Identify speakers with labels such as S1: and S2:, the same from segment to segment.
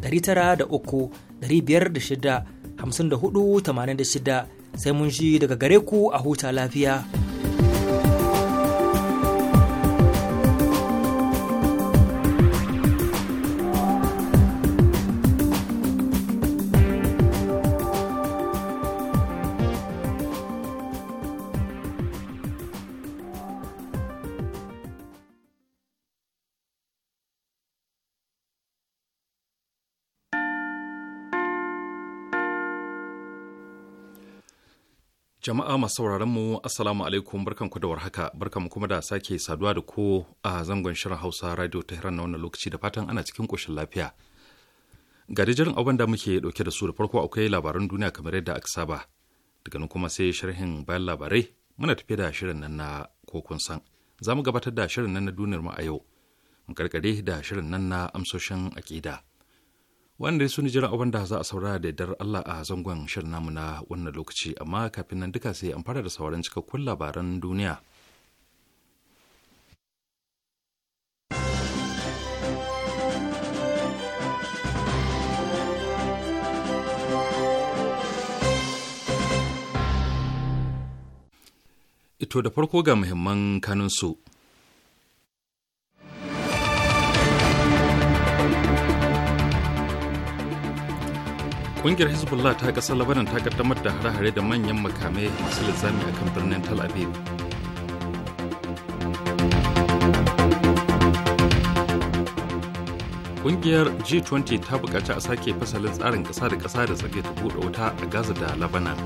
S1: da 9,500,6,54,86 sai mun ji daga gare ku a huta lafiya.
S2: Jama'a masu sauraron mu Assalamu alaikum barkanku da warhaka barkanku kuma da sake saduwa da ku a zangon shirin Hausa Radio Tehran na wannan lokaci da fatan ana cikin koshin lafiya. Ga jirin abin da muke dauke da su da farko akwai labaran duniya kamar yadda aka saba. Daga nan kuma sai sharhin bayan labarai muna tafi da shirin nan na kokun san. Za mu gabatar da shirin nan na duniyar mu a yau. Mu karkare da shirin nan na amsoshin aƙida. wanda ya suni jira abin da za a saurara da dar Allah a zangon shirin namu na wannan lokaci amma kafin nan duka sai an fara da sauran cikakkun labaran duniya. Ito da farko ga muhimman kanunsu. kungiyar hezbollah ta kasar labanan ta kaddamar da hare-hare da manyan makamai masu linzami a kan birnin tel aviv kungiyar g20 ta buƙaci a sake fasalin tsarin ƙasa da ƙasa da tsage ta buɗe wuta a gaza da labanan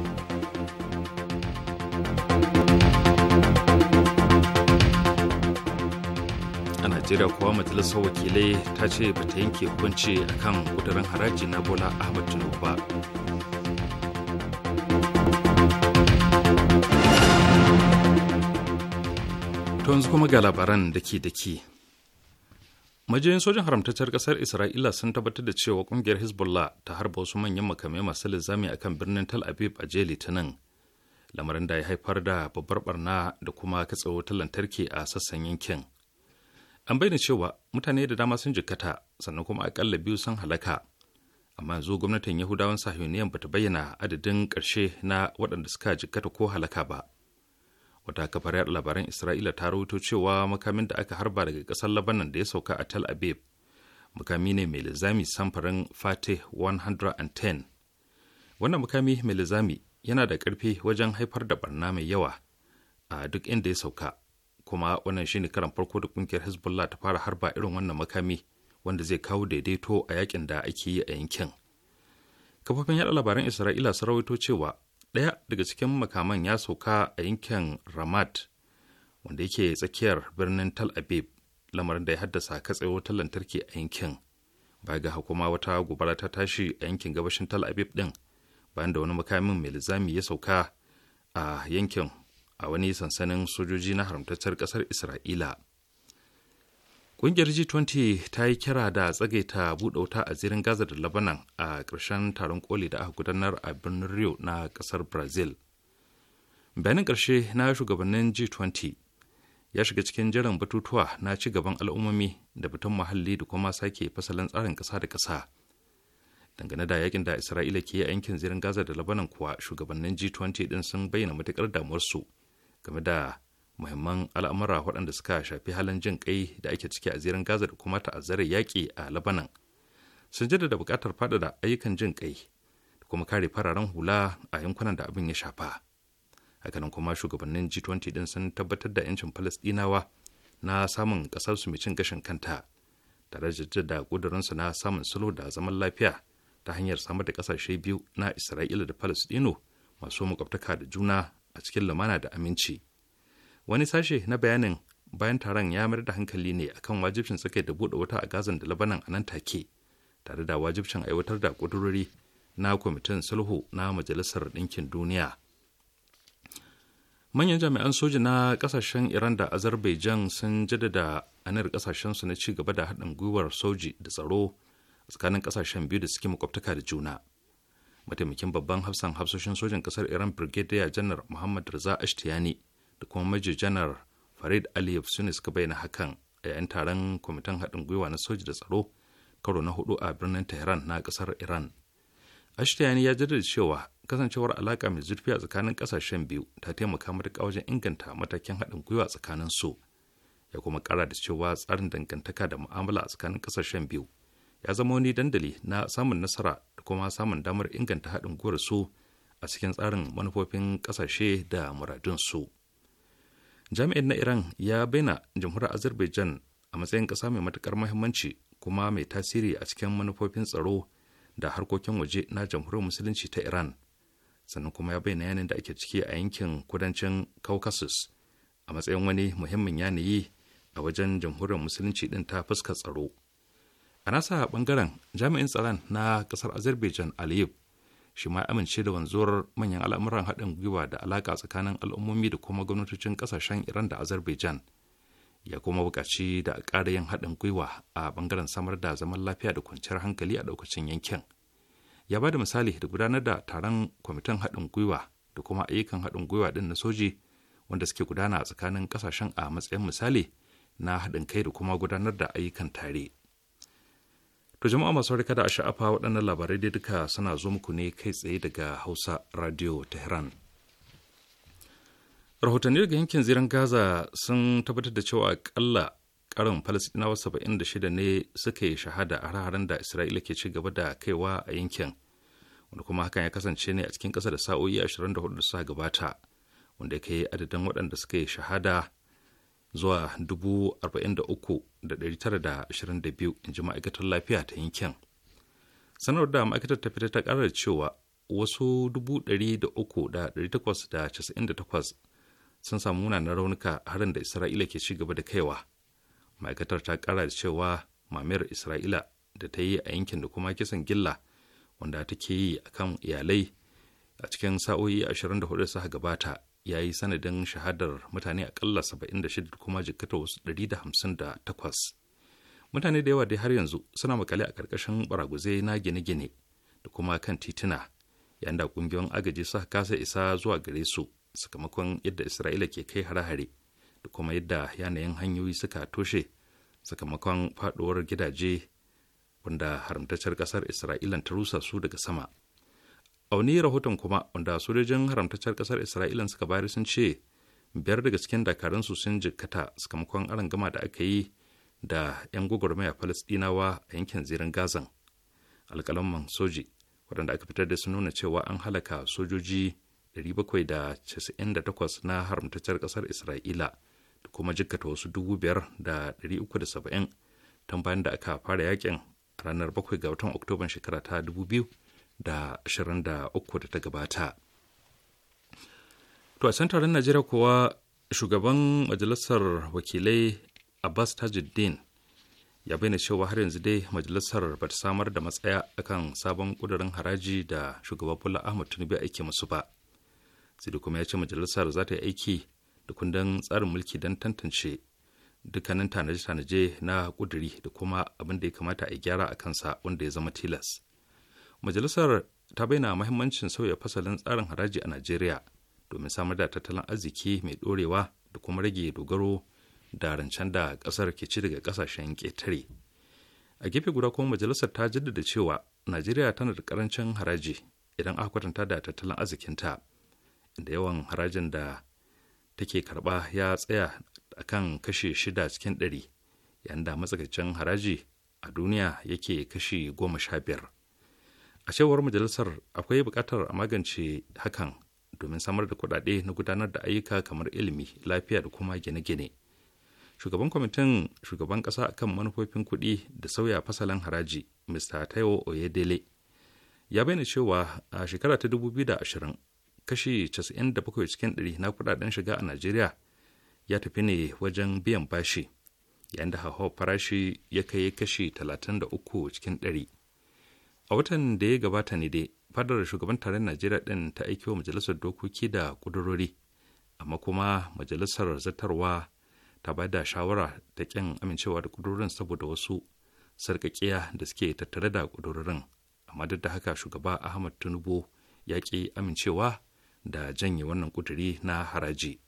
S2: najeriya kuwa majalisar wakilai ta ce ba ta yanke hukunci akan kudurin haraji na bola ahmad tinubu ba to yanzu kuma ga labaran daki-daki. da ke majiyoyin sojin haramtaccen kasar isra'ila sun tabbatar da cewa kungiyar hezbollah ta harba wasu manyan makamai masu linzami akan birnin Tal aviv a jiya litinin lamarin da ya haifar da babbar barna da kuma katse lantarki a sassan yankin An bayyana cewa mutane da dama sun jikkata sannan kuma akalla biyu sun halaka. Amma yanzu gwamnatin Yahudawan Sahiyoniyan bata bayyana adadin ƙarshe na waɗanda suka jikkata ko halaka ba. Wata kafar yaɗa labaran Isra'ila ta rawaito cewa makamin da aka harba daga ƙasar Labanan da ya sauka a Tel Aviv mukami ne mai lizami samfarin fatih 110. Wannan makami mai lizami yana da ƙarfi wajen haifar da barna mai yawa a duk inda ya sauka kuma wannan shine karan farko da kungiyar hezbollah ta fara harba irin wannan makami wanda zai kawo daidaito a yakin da ake yi a yankin kafofin yaɗa labaran isra'ila sun rawaito cewa ɗaya daga cikin makaman ya sauka a yankin ramat wanda yake tsakiyar birnin tal abib lamarin da ya haddasa katsewa wutar lantarki a yankin baya ga kuma wata gobara ta tashi a yankin gabashin tal abib din bayan da wani makamin mai lizami ya sauka a yankin a wani sansanin sojoji na haramtaccen ƙasar isra'ila ƙungiyar g20 ta yi kira da tsagaita buɗe wuta a zirin gaza da labanan a ƙarshen taron koli da aka gudanar a birnin rio na ƙasar brazil bayanin ƙarshe na shugabannin g20 ya shiga cikin jiran batutuwa na ci gaban al'ummomi da batun muhalli da kuma sake fasalin tsarin ƙasa da ƙasa dangane da yakin da isra'ila ke a yankin zirin gaza da labanan kuwa shugabannin g20 din sun bayyana matuƙar damuwarsu game da muhimman al'amura waɗanda suka shafi halin jin kai da ake ciki a zirin gaza da kuma ta'azzara yaƙi a labanan sun jaddada buƙatar faɗaɗa ayyukan jin kai da kuma kare fararen hula a yankunan da abin ya shafa hakanan kuma shugabannin g20 din sun tabbatar da 'yancin falasɗinawa na samun ƙasarsu mai cin gashin kanta tare da da ƙudurinsu na samun salo da zaman lafiya ta hanyar samar da ƙasashe biyu na isra'ila da falasɗinu masu makwabtaka da juna a cikin lamana da aminci wani sashe na bayanin bayan taron ya mayar da hankali ne akan wajibcin tsakai da buɗe wuta a gazan da labanan a nan take tare da wajibcin aiwatar da ƙudurori na kwamitin sulhu na majalisar ɗinkin duniya manyan jami'an soji na ƙasashen iran da azerbaijan sun jaddada anar su na ci gaba da haɗin gwiwar soji da tsaro tsakanin ƙasashen biyu da suke makwabtaka da juna mataimakin babban hafsan hafsoshin sojan kasar iran brigadier janar muhammad raza ashtiyani da kuma major janar farid aliyev su iska suka bayyana hakan a yayin taron kwamitin haɗin gwiwa na soji da tsaro karo na hudu a birnin tehran na kasar iran ashtiyani ya jaddada cewa kasancewar alaka mai zurfi a tsakanin ƙasashen biyu ta taimaka matuƙa wajen inganta matakin haɗin gwiwa tsakanin su ya kuma ƙara da cewa tsarin dangantaka da mu'amala a tsakanin ƙasashen biyu ya zama wani dandali na samun nasara kuma samun damar inganta haɗin gwiwar su a cikin tsarin manufofin ƙasashe da muradun su Jami'in na Iran ya bayyana jamhuriyar Azerbaijan a matsayin ƙasa mai matuƙar muhimmanci kuma mai tasiri a cikin manufofin tsaro da harkokin waje na jamhuriyar musulunci ta Iran. Sannan kuma ya bayyana yanayin da ake ciki a yankin kudancin Caucasus a matsayin wani muhimmin yanayi a wajen jamhuriyar musulunci din ta fuska tsaro. a nasa bangaren jami'in tsaron na kasar azerbaijan aliyev shi ma amince da wanzuwar manyan al'amuran haɗin gwiwa da alaƙa tsakanin al'ummomi da kuma gwamnatocin ƙasashen iran da azerbaijan ya kuma buƙaci da ƙara yin haɗin gwiwa a bangaren samar da zaman lafiya da kwanciyar hankali a ɗaukacin yankin ya ba da misali da gudanar da taron kwamitin haɗin gwiwa da kuma ayyukan haɗin gwiwa ɗin na soji wanda suke gudana a tsakanin ƙasashen a matsayin misali na haɗin kai da kuma gudanar da ayyukan tare. To jama'a masu kada a sha'afa waɗannan labarai dai duka suna zo muku ne kai tsaye daga Hausa Radio Tehran. Rahotanni daga yankin ziran Gaza sun tabbatar da cewa akalla karin Falasɗinawa 76 ne suka yi shahada a hararen da Isra'ila ke ci gaba da kaiwa a yankin. Wanda kuma hakan ya kasance ne a cikin ƙasa da sa'o'i 24 da suka gabata, wanda ya kai adadin waɗanda suka yi shahada zuwa 43,922 inji ma'aikatar lafiya ta yankin sanarwar da ma'aikatar ta fita ta kara cewa wasu 300,898 sun samu munanan raunuka harin da isra'ila ke ci gaba da kaiwa ma'aikatar ta kara cewa mamayar isra'ila da ta yi a yankin da kuma kisan gilla wanda take yi a kan iyalai a cikin sa'o'i 24 suka gabata ya yi sanadin shahadar mutane akalla 76 kuma jikkata wasu 158 mutane da yawa dai har yanzu suna makale a ƙarƙashin baraguzai na gine-gine da kuma kan tituna yayin da ƙungiyoyin agaji suka kasa isa zuwa gare su sakamakon yadda isra'ila ke kai hare-hare da kuma yadda yanayin hanyoyi suka toshe sakamakon faɗuwar gidaje wanda haramtaccen ƙasar isra'ilan ta rusa su daga sama a wani rahoton kuma wanda sojojin haramtaccen kasar isra'ila suka bayar sun ce biyar daga cikin su sun jikkata sakamakon gama da aka yi da 'yan gwagwarmaya falasdinawa a yankin zirin gazan alkalaman soji waɗanda aka fitar da su nuna cewa an halaka sojoji 798 na haramtaccen kasar isra'ila da kuma jikkata wasu 5,370 tun bayan da aka fara yakin ranar 7 ga watan oktoban shekara ta 2000 da 23 da uku da ta gabata. To a can taron Najeriya kuwa shugaban majalisar wakilai Abbas Tajuddin ya bayyana cewa har yanzu dai majalisar ba ta samar da matsaya akan sabon kudurin haraji da shugaban Bola Ahmed Tinubu aiki musu ba. Sai kuma ya ce majalisar za ta yi aiki da kundin tsarin mulki don tantance dukkanin tanaje-tanaje na kuduri da kuma abin da ya kamata a gyara a kansa wanda ya zama tilas. majalisar ta bayyana mahimmancin sauya fasalin tsarin haraji a najeriya domin samar da tattalin arziki mai dorewa da kuma rage dogaro da rancen da ƙasar ke ci daga ƙasashen ƙetare a gefe guda kuma majalisar ta jaddada cewa najeriya tana da ƙarancin haraji idan aka kwatanta da tattalin arzikinta inda yawan harajin da take karba ya tsaya a kan kashe shida cikin ɗari yayin da matsakaicin haraji a duniya yake kashe goma sha biyar a cewar majalisar akwai bukatar a magance hakan domin samar da kuɗaɗe na gudanar da ayyuka kamar ilimi lafiya da kuma gine-gine shugaban kwamitin shugaban ƙasa kan manufofin kuɗi da sauya fasalin haraji mr taiwo oyedele ya bayyana cewa a shekara ta 2020 kashi 97 cikin 100 na kuɗaɗen shiga a najeriya ya tafi ne wajen biyan bashi yayin da hauhawar farashi ya kai kashi 33 cikin 100 a watan da ya gabata ne dai fadar shugaban taron najeriya din ta aiki wa majalisar dokoki da kudurori amma kuma majalisar zartarwa ta bayar da shawara ta kyan amincewa da kudurorin saboda wasu sarƙaƙiya da suke tattare da kudurorin amma duk da haka shugaba ahmad tinubu ya ki amincewa da janye wannan kuduri na haraji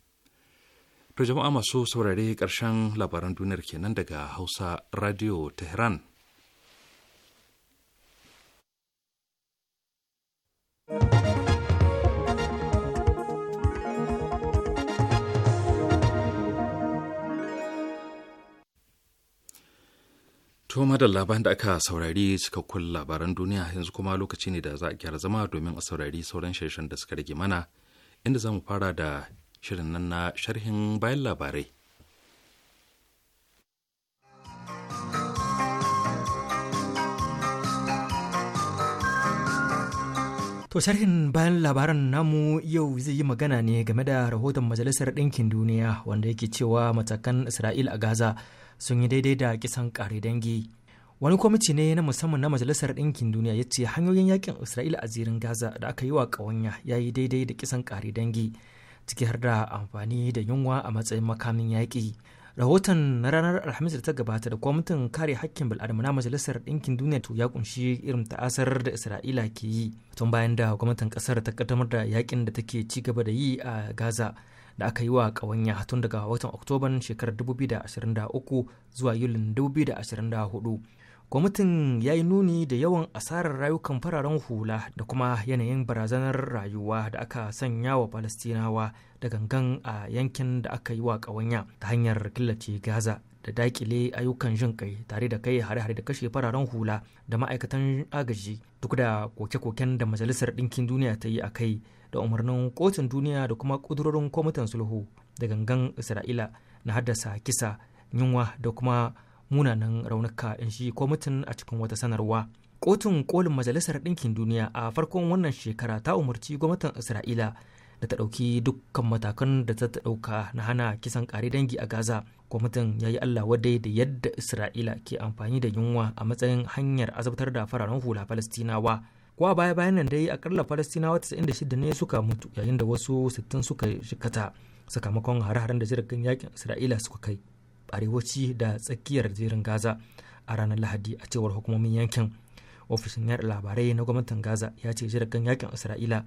S2: to jama'a masu saurare karshen labaran duniyar kenan daga hausa radio tehran To madalla bayan da aka saurari cikakkun labaran duniya yanzu kuma lokaci ne da za a gyara zama domin a saurari sauran shirshen da suka rage mana inda za mu fara da shirin nan na sharhin bayan labarai.
S1: To sharhin bayan labaran namu yau zai yi magana ne game da rahoton Majalisar Ɗinkin Duniya wanda yake cewa matakan Isra'il a Gaza sun yi daidai da kisan kare dangi wani kwamiti ne na musamman na majalisar ɗinkin duniya ya ce hanyoyin yakin isra'ila a zirin gaza da aka yi wa ƙawanya ya yi daidai da kisan kare dangi ciki har da amfani da yunwa a matsayin makamin yaƙi rahoton na ranar alhamis da ta gabata da kwamitin kare hakkin bil'adama na majalisar ɗinkin duniya to ya kunshi irin ta'asar da isra'ila ke yi tun bayan da gwamnatin ƙasar ta kaddamar da yakin da take ci gaba da yi a gaza da aka yi wa ƙawanya tun daga watan oktoban shekarar 2023 zuwa yulin 2024 kwamitin ya yi nuni da yawan asarar rayukan fararen hula da kuma yanayin barazanar rayuwa da aka sanya wa palestinawa da gangan a yankin da aka yi wa ƙawanya ta hanyar killace gaza da dakile ayyukan jin kai tare da kai hare-hare da kashe fararen hula da ma'aikatan agaji duk da koke-koken da majalisar ɗinkin duniya ta yi a kai da umarnin kotun duniya da kuma ƙudurorin kwamitin sulhu da gangan isra'ila na haddasa kisa yunwa da kuma munanan raunuka in shi kwamitin a cikin wata sanarwa kotun kolin majalisar ɗinkin duniya a farkon wannan shekara ta umarci gwamnatin isra'ila da ta ɗauki dukkan matakan da ta ɗauka na hana kisan ƙare dangi a gaza kwamitin ya yi allah wadai da yadda isra'ila ke amfani da yunwa a matsayin hanyar azabtar da fararen hula falastinawa kwa baya bayan nan dai akalla falastinawa 96 ne suka mutu yayin da wasu 60 suka shikata sakamakon hare-haren da jiragen yakin isra'ila suka kai arewaci da tsakiyar jirin gaza a ranar lahadi a cewar hukumomin yankin ofishin yada labarai na gwamnatin gaza ya ce jiragen yakin isra'ila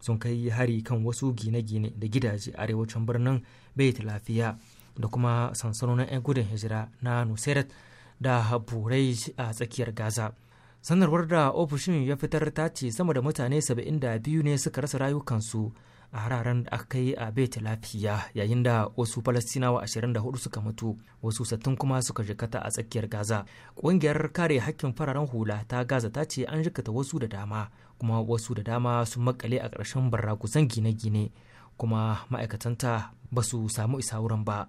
S1: sun kai hari kan wasu gine-gine da gidaje arewacin birnin bai lafiya da kuma sansanonin 'yan gudun hijira na nusairat da burai a tsakiyar gaza sanarwar da ofishin ya fitar ta ce sama da mutane 72 ne suka rasa rayukansu a hararen da aka yi a bet lafiya yayin da wasu falastinawa 24 suka mutu wasu sattun kuma suka jikata a tsakiyar gaza ƙungiyar kare hakkin fararen hula ta gaza ta ce an jikata wasu da dama kuma wasu da dama sun makale a ƙarshen barrakusan gine-gine kuma ma'aikatanta ba su samu isa wurin ba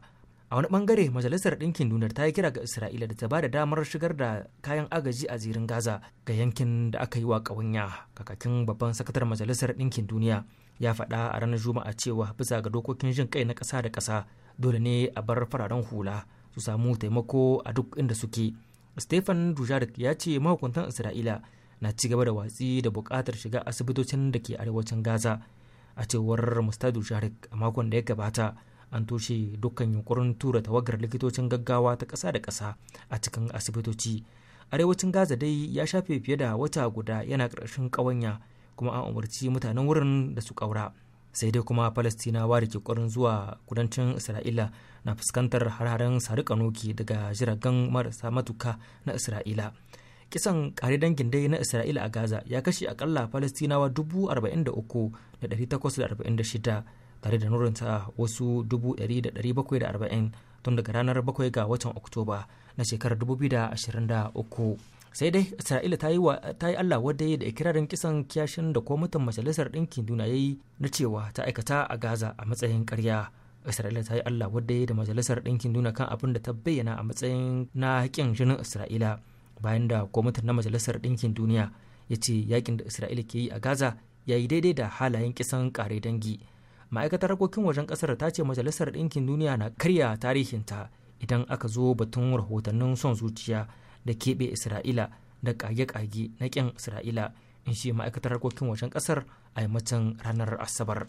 S1: a wani bangare majalisar ɗinkin duniya ta yi kira ga isra'ila da ta ba da damar shigar da kayan agaji a zirin gaza ga yankin da aka yi wa ƙawanya kakakin babban sakatar majalisar ɗinkin duniya ya faɗa a ranar juma'a cewa bisa ga dokokin jin kai na ƙasa da ƙasa dole ne a bar fararen hula su samu taimako a duk inda suke stephen dujarik ya ce mahukuntan isra'ila na ci gaba da watsi da buƙatar shiga asibitocin da ke arewacin gaza a cewar mustadu dujarik a makon da ya gabata an toshe dukkan yunkurin tura tawagar likitocin gaggawa ta ƙasa da ƙasa a cikin asibitoci arewacin gaza dai ya shafe fiye da wata guda yana ƙarshen ƙawanya kuma an umarci mutanen wurin da su ƙaura sai dai kuma falastinawa da ke ƙwarin zuwa kudancin isra'ila na fuskantar hararen haren sarikanoki daga jiragen marasa matuka na isra'ila kisan kare dangin dai na isra'ila a gaza ya kashe akalla falastinawa 43,846 tare da nurinta wasu arba'in tun daga ranar 7 ga watan oktoba na shekarar 2023 sai dai isra'ila ta yi allah wadda da ikirarin kisan kiyashin da kwamitin majalisar ɗinkin duniya ya yi na cewa ta aikata a gaza a matsayin karya isra'ila ta yi allah wadda da majalisar ɗinkin duniya kan abin da ta bayyana a matsayin na haƙƙin jinin isra'ila bayan da kwamitin na majalisar ɗinkin duniya ya ce yakin da isra'ila ke yi a gaza ya yi daidai da halayen kisan kare dangi ma'aikatar harkokin wajen kasar ta ce majalisar ɗinkin duniya na karya tarihinta idan aka zo batun rahotannin son zuciya da keɓe isra'ila da ƙage-ƙage na ƙyan isra'ila in shi ma'aikatar harkokin wajen kasar a yammacin ranar asabar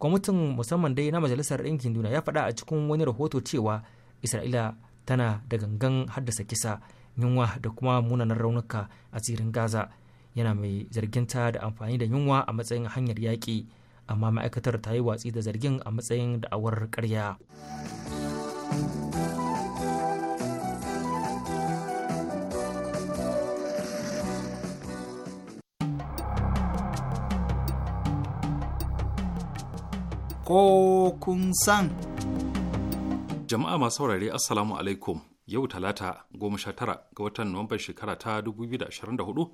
S1: kwamitin musamman dai na majalisar ɗinkin duniya ya faɗa a cikin wani rahoto cewa isra'ila tana da gangan haddasa kisa yunwa da kuma munanan raunuka a tsirin gaza yana mai zarginta da amfani da yunwa a matsayin hanyar yaƙi amma ma'aikatar ta yi watsi da zargin a matsayin da'awar karya.
S3: Ko kun san.
S2: Jama'a masu saurare Assalamu alaikum yau talata goma sha tara ga watan Nuwamban shekara ta 2024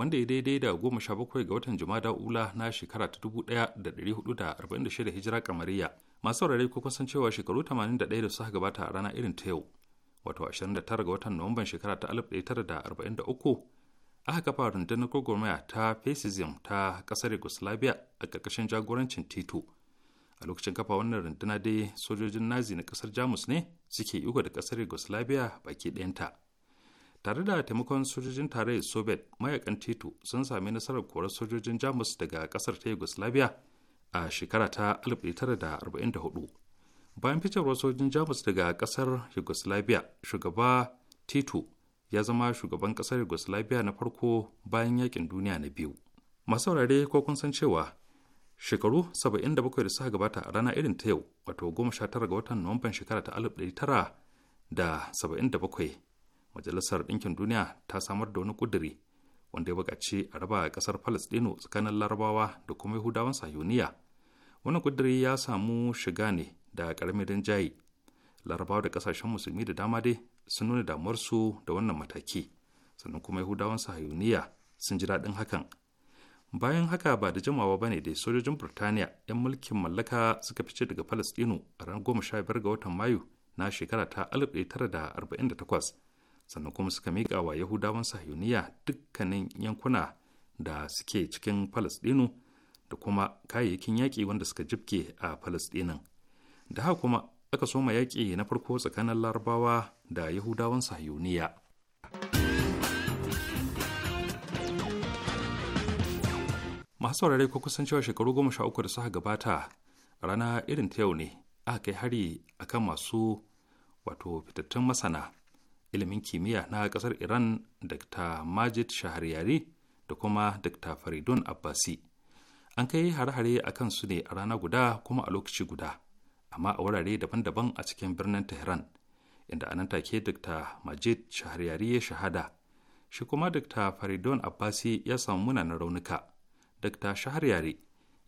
S2: wanda ya daidai da goma sha bakwai ga watan jumada ula na shekara ta dubu daya da dari hudu da arba'in da shida hijira kamariya masu saurare ko kusan cewa shekaru tamanin da ɗaya da suka gabata a rana irin ta yau wato ashirin da tara ga watan nuwamban shekara ta alif ɗaya tara da arba'in da uku aka kafa rundunar gwagwarmaya ta fesizim ta ƙasar yugoslavia a ƙarƙashin jagorancin tito a lokacin kafa wannan rundunar dai sojojin nazi na ƙasar jamus ne suke iko da ƙasar yugoslavia baki ɗayanta tare da taimakon sojojin tarayyar soviet mayakan titu sun sami nasarar korar sojojin jamus daga kasar ta yugoslavia a shekara ta 1944 bayan fitarwar sojojin jamus daga kasar yugoslavia shugaba titu ya zama shugaban kasar yugoslavia na farko bayan yakin duniya na biyu masu saurare ko kun san cewa shekaru 77 da suka gabata a rana irin ta yau wato 19 ga watan nuwamban shekara ta 1977 majalisar ɗinkin duniya ta samar da wani ƙuduri wanda ya buƙaci a raba ƙasar palestino tsakanin larabawa da kuma yahudawan sahiyoniya wani ƙuduri ya samu shiga ne da ƙaramin rinjaye larabawa da ƙasashen musulmi da dama dai sun nuna damuwarsu da wannan mataki sannan kuma yahudawan sahiyoniya sun ji daɗin hakan bayan haka ba da jimawa ba ne da sojojin burtaniya 'yan mulkin mallaka suka fice daga palestino a ranar goma sha biyar ga watan mayu na shekara ta 1948 sannan kuma suka miƙa wa yahudawan sahiyuniya dukkanin yankuna da suke cikin falasɗinu da kuma kayayyakin yaƙi wanda suka jibke a falasɗinin da haka kuma aka soma yaƙi na farko tsakanin larabawa da yahudawan sahiyuniya masu saurare ko kusan cewa shekaru goma sha uku da suka gabata rana irin ta yau ne aka kai hari akan masu wato fitattun masana ilimin kimiyya na kasar iran dr majid shahariyari da kuma dr faridun abbasi an kai hare-hare a kan su ne a rana guda kuma a lokaci guda amma a wurare daban-daban a cikin birnin tehran inda a nan take dr majid shahariyari ya shahada shi kuma dr faridun abbasi ya samu munanan raunuka dr shahariyari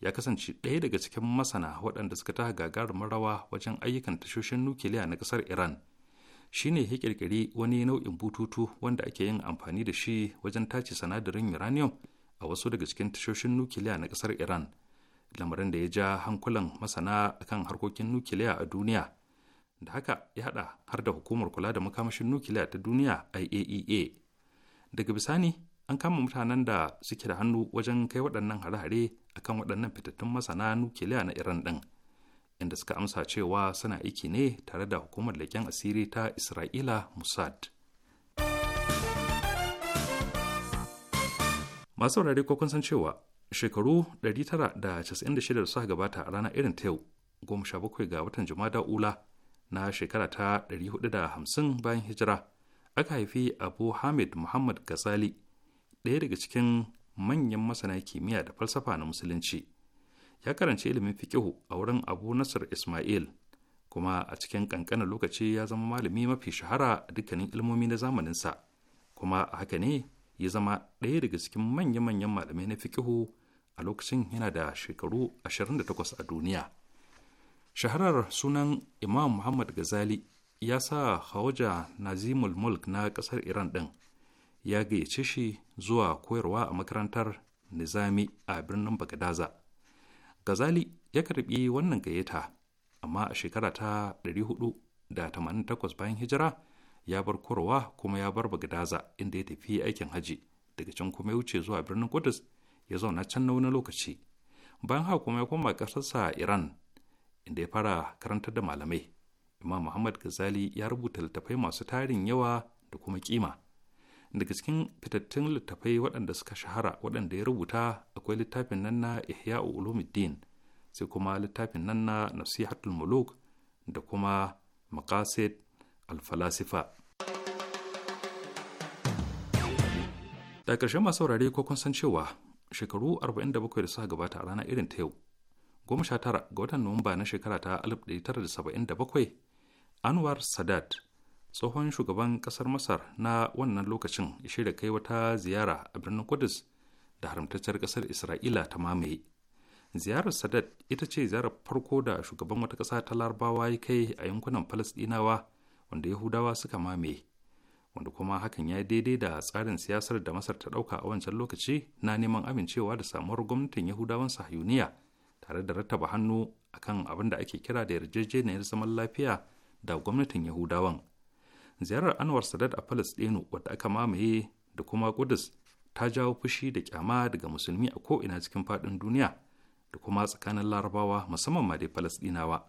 S2: ya kasance ɗaya daga cikin masana waɗanda suka ta gagarumin rawa wajen ayyukan tashoshin nukiliya na ƙasar iran shine ya kirkiri wani nau'in bututu wanda ake yin amfani da shi wajen tace sanadarin uranium a wasu daga cikin tashoshin nukiliya na kasar iran lamarin da ya ja hankulan masana kan harkokin nukiliya a duniya da haka ya hada har da hukumar kula da makamashin nukiliya ta duniya iaea e daga bisani an kama mutanen da suke da hannu wajen kai waɗannan hare-hare akan waɗannan fitattun masana nukiliya na iran ɗin inda suka amsa cewa suna aiki ne tare da hukumar leƙen asiri ta isra'ila mossad masu wurare ko san cewa shekaru 996 da suka gabata a rana irin ta yau 17 ga watan jumada ula na shekara ta 450 bayan hijira aka haifi abu hamid muhammad gazali ɗaya daga cikin manyan masana kimiyya da falsafa na musulunci ya karanci ilimin fikihu a wurin abu nasar ismail kuma a cikin ƙanƙanin lokaci ya zama malami mafi shahara a dukkanin ilmomi na zamaninsa kuma a haka ne ya zama ɗaya daga cikin manya-manyan malamai na fikihu a lokacin yana da shekaru 28 a duniya shaharar sunan imam muhammad gazali ya sa hawaja Nazimul Mulk na ƙasar Iran ɗin ya gayyace shi zuwa koyarwa a makarantar Nizami a birnin Bagadaza Gazali ya karbi wannan gayyata amma a shekara ta 488 bayan hijira ya bar kurwa kuma ya bar bagadaza inda ya tafi aikin haji daga can kuma ya wuce zuwa birnin Qudus ya zauna can na wani lokaci bayan haka kuma ya koma ƙasarsa Iran inda ya fara karantar da malamai Imam Muhammad gazali ya rubuta littattafai masu tarin yawa da kuma kima daga cikin fitattun littafai waɗanda suka shahara waɗanda ya rubuta akwai littafin nan na ihya ulumuddin sai kuma littafin nan na nasihatul muluk da kuma maqasid al-falasifa da masu saurare ko kun san cewa shekaru 47 da suka gabata a rana irin ta yau goma sha tara ga watan nuwamba na shekara ta 1977 anwar sadat tsohon shugaban kasar masar na wannan lokacin da kai wata ziyara a birnin kudus da haramtacciyar kasar isra'ila ta mamaye ziyarar sadat ita ce ziyarar farko da shugaban wata ƙasa ta larabawa ya kai a yankunan falastinawa wanda yahudawa suka mamaye wanda kuma hakan ya daidai da tsarin siyasar da masar ta ɗauka a wancan lokaci na neman amincewa da samuwar gwamnatin yahudawan sahiyuniya tare da rattaba hannu akan abin da ake kira da yarjejeniyar zaman lafiya da gwamnatin yahudawan ziyarar anwar sadat a palestino wadda aka mamaye da kuma kudus ta jawo fushi da kyama daga musulmi a ko'ina cikin faɗin duniya da kuma tsakanin larabawa musamman ma dai palestinawa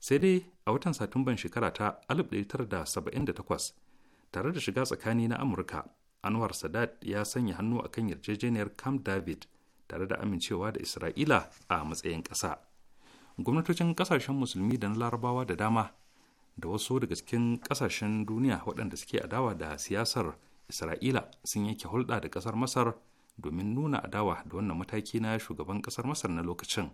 S2: sai dai a watan satumban shekara ta 1978 tare da shiga tsakani na amurka anwar sadat ya sanya hannu a kan yarjejeniyar camp david tare da amincewa da isra'ila a matsayin ƙasa gwamnatocin ƙasashen musulmi da na larabawa da dama da wasu daga cikin kasashen duniya waɗanda suke adawa da siyasar isra'ila sun yanke hulɗa da ƙasar masar domin nuna adawa da wannan mataki na shugaban ƙasar masar na lokacin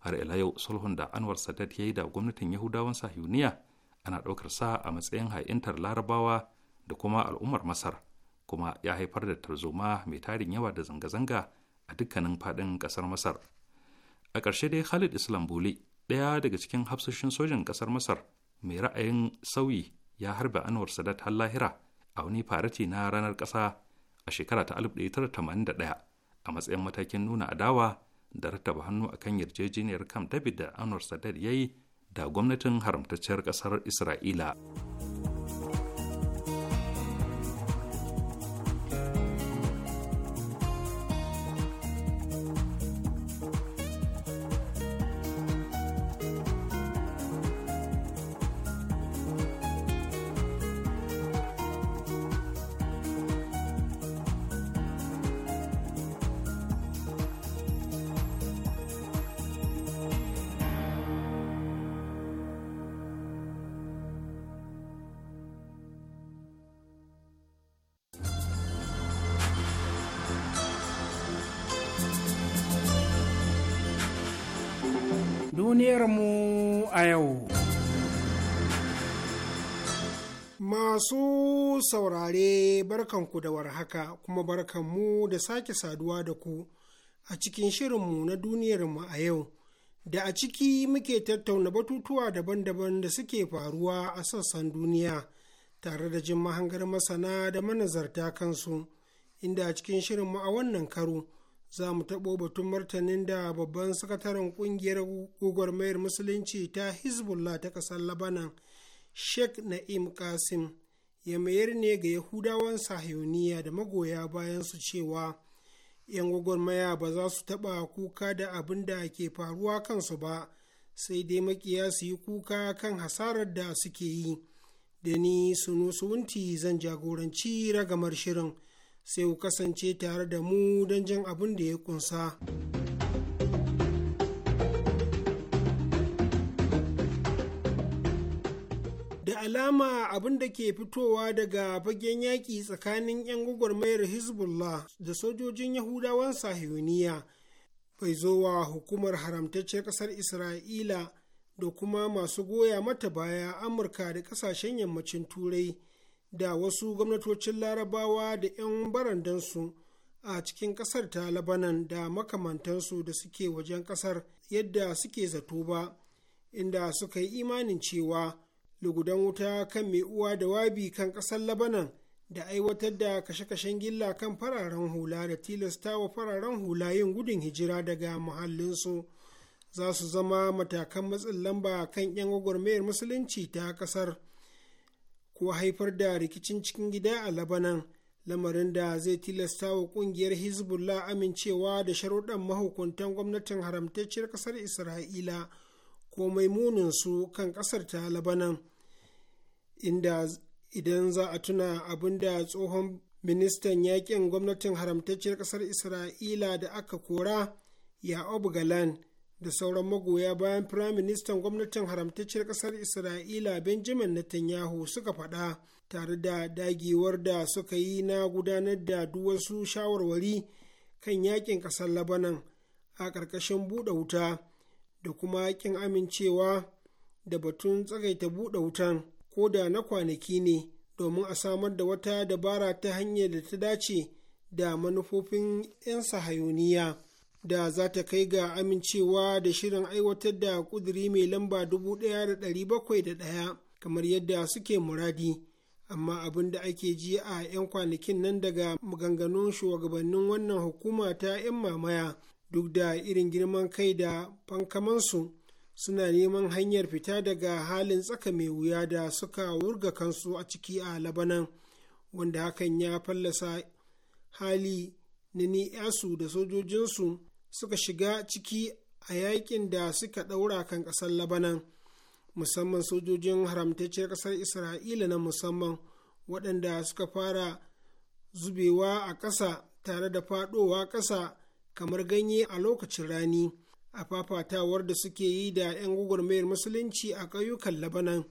S2: har ila yau sulhun da anwar sadat ya yi da gwamnatin yahudawan sahiyuniya ana ɗaukar sa a matsayin ha'intar larabawa da kuma al'ummar masar kuma ya haifar da tarzoma mai tarin yawa da zanga-zanga a dukkanin faɗin ƙasar masar a ƙarshe dai khalid islam bule ɗaya daga cikin hafsoshin sojan ƙasar masar mai ra'ayin sauyi ya harbe anwar sadat har lahira a wani farati na ranar ƙasa a shekara ta 1981 a matsayin matakin nuna adawa da rattaba hannu a kan yarjejeniyar kam david da anwar sadat ya yi da gwamnatin haramtacciyar ƙasar isra'ila
S4: saurare barkanku da warhaka kuma barkanmu da sake saduwa da ku a cikin shirinmu na duniyarmu a yau da a ciki muke tattauna batutuwa daban-daban da suke faruwa a sassan duniya tare da jin mahangar masana da manazarta kansu inda a cikin shirinmu a wannan karo za mu taɓo batun martanin da babban sakataren ƙungiyar gwagwarmayar musulunci ta hezbollah ta ƙasar labanan sheikh na'im kasim ya mayar ne ga yahudawan sahiyoniya da magoya bayan su cewa 'yan gwagwarmaya ba za su taɓa kuka da abin da ke faruwa kansu ba sai dai makiya su yi kuka kan hasarar da suke yi da ni wunti zan jagoranci ragamar shirin sai ku kasance tare da mu don jan abin da ya kunsa. alama abin da ke fitowa daga bagen yaƙi tsakanin 'yan gwagwarmayar hezbollah da sojojin yahudawan sahiyoniya bai zo wa hukumar haramtaccen ƙasar isra'ila da kuma masu goya mata baya amurka da ƙasashen yammacin turai da wasu gwamnatocin larabawa da 'yan barandansu a cikin ƙasar ta labanan da makamantansu da suke wajen ƙasar yadda suke zato ba inda suka yi imanin cewa lugudan wuta kan mai uwa da wabi kan ƙasar labanan da aiwatar da kashe-kashen gilla kan fararen hula da tilasta wa fararen hula yin gudun hijira daga muhallinsu za su zama matakan matsin lamba kan 'yan gwagwarmayar musulunci ta ƙasar ko haifar da rikicin cikin gida a labanan lamarin da zai tilasta wa ƙungiyar hezbollah amincewa da sharuɗan mahukuntan gwamnatin haramtacciyar ƙasar isra'ila ko su kan ƙasar ta labanan inda idan za a tuna abin da tsohon ministan yakin gwamnatin haramtacciyar ƙasar isra'ila da aka kora ya galan da sauran magoya bayan firayim ministan gwamnatin haramtacciyar ƙasar isra'ila benjamin netanyahu suka faɗa tare da dagewar da suka yi na gudanar da wasu shawarwari kan yakin ƙasar labanan a ƙarƙashin buɗe wuta da kuma yakin amincewa da batun tsagaita buɗe wutan ko da na kwanaki ne domin a samar da wata dabara ta hanyar da ta dace da manufofin 'yan sahayoniya da za ta kai ga amincewa da shirin aiwatar da kuduri mai lamba 1,701 kamar yadda suke muradi amma abin da ake ji a 'yan kwanakin nan daga maganganun shugabannin wannan hukuma ta 'yan mamaya duk da irin girman kai da fankamansu suna neman hanyar fita daga halin tsaka mai wuya da suka wurga kansu a ciki a labanan wanda hakan ya fallasa hali na ni'yasu da sojojinsu suka shiga ciki a yakin da suka ɗaura kan ƙasar labanan musamman sojojin haramtacciyar ƙasar isra'ila na musamman waɗanda suka fara zubewa a ƙasa tare da faɗowa ƙasa kamar ganye a lokacin rani a fafatawar da suke yi da 'yan gwagwarmayar musulunci a ƙauyukan labanan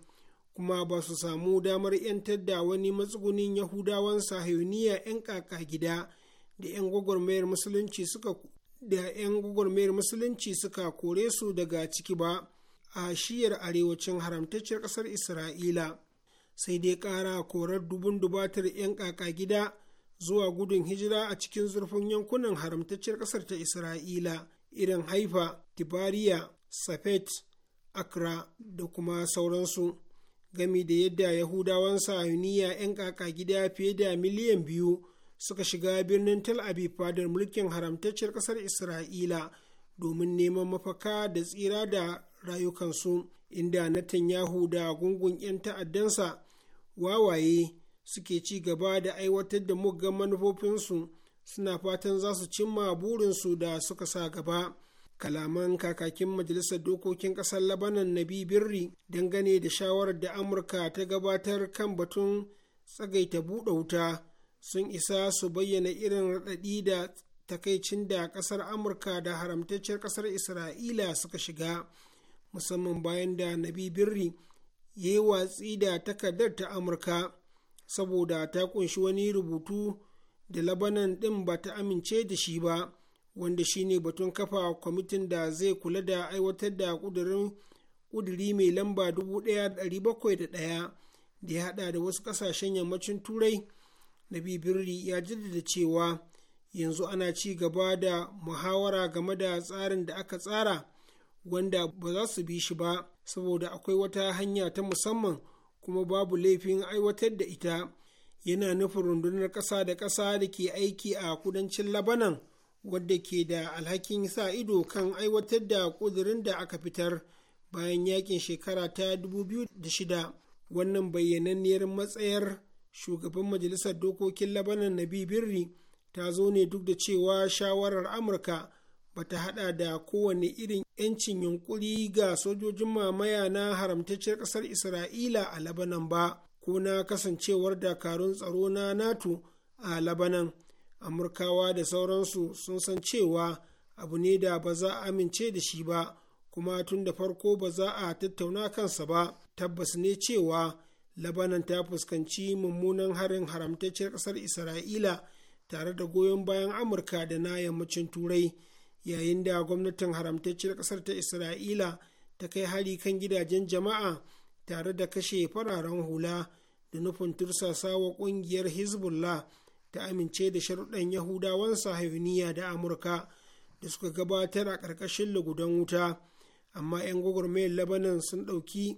S4: kuma ba su samu damar 'yantar da wani matsugunin yahudawan sahiyoniya 'yan kaka gida da 'yan gwagwarmayar musulunci suka da kore su daga ciki ba a shiyar arewacin haramtacciyar ƙasar isra'ila sai dai ƙara korar dubun dubatar 'yan ƙaƙa gida zuwa gudun hijira a cikin zurfin yankunan haramtacciyar ƙasar ta isra'ila irin haifa tibariya safet Akra da kuma sauransu gami da yadda yahudawan sahuniya 'yan kaka gida fiye da miliyan biyu suka shiga birnin tel aviv fadar mulkin haramtacciyar ƙasar isra'ila domin neman mafaka da tsira da rayukansu inda Netanyahu da gungun 'yan ta'addansa wawaye suke ci gaba da aiwatar da muggan manufofinsu suna fatan za su cimma burinsu da suka sa gaba kalaman kakakin majalisar dokokin ƙasar labanan Nabibirri birri dangane da shawarar da amurka ta gabatar kan batun tsagaita buɗe wuta sun isa su bayyana irin raɗaɗi da takaicin da ƙasar amurka da haramtacciyar ƙasar isra'ila suka shiga musamman bayan da nabi birri ya yi watsi da takardar ta amurka saboda ta kunshi wani rubutu da labanan ɗin ba ta amince da shi ba wanda shi ne batun kafa kwamitin da zai kula da aiwatar da ƙudurin ƙuduri mai lamba 1701 da ya haɗa da wasu ƙasashen yammacin turai na bibirri ya jaddada cewa yanzu ana ci gaba da muhawara game da tsarin da aka tsara wanda ba za su bi shi ba saboda akwai wata hanya ta musamman kuma babu laifin aiwatar da ita yana nufin rundunar ƙasa da ƙasa da ke aiki a kudancin labanan wadda ke da alhakin sa ido kan aiwatar da ƙudurin da aka fitar bayan yakin shekara ta 2006 wannan bayyananniyar matsayar shugaban majalisar dokokin labanan na birri ta zo ne duk da cewa shawarar amurka ba ta hada da kowane irin yancin yunkuri ga sojojin mamaya na haramtacciyar ƙasar isra'ila a labanan ba ko na kasancewar dakarun tsaro na nato a labanan amurkawa da sauransu sun san cewa abu ne da ba za a amince da shi ba kuma tun da farko ba za a tattauna kansa ba tabbas ne cewa labanan ta fuskanci mummunan harin haramtacciyar ƙasar isra'ila tare da goyon bayan amurka da na yammacin turai yayin da gwamnatin haramtacciyar ƙasar ta isra'ila ta kai hari kan gidajen jama'a tare da kashe fararen hula da nufin tursasa wa ƙungiyar hezbollah ta amince da sharuɗan yahudawan sahauniya da amurka da suka gabatar a ƙarƙashin lagudan wuta amma 'yan gwagwarmayar labanan sun ɗauki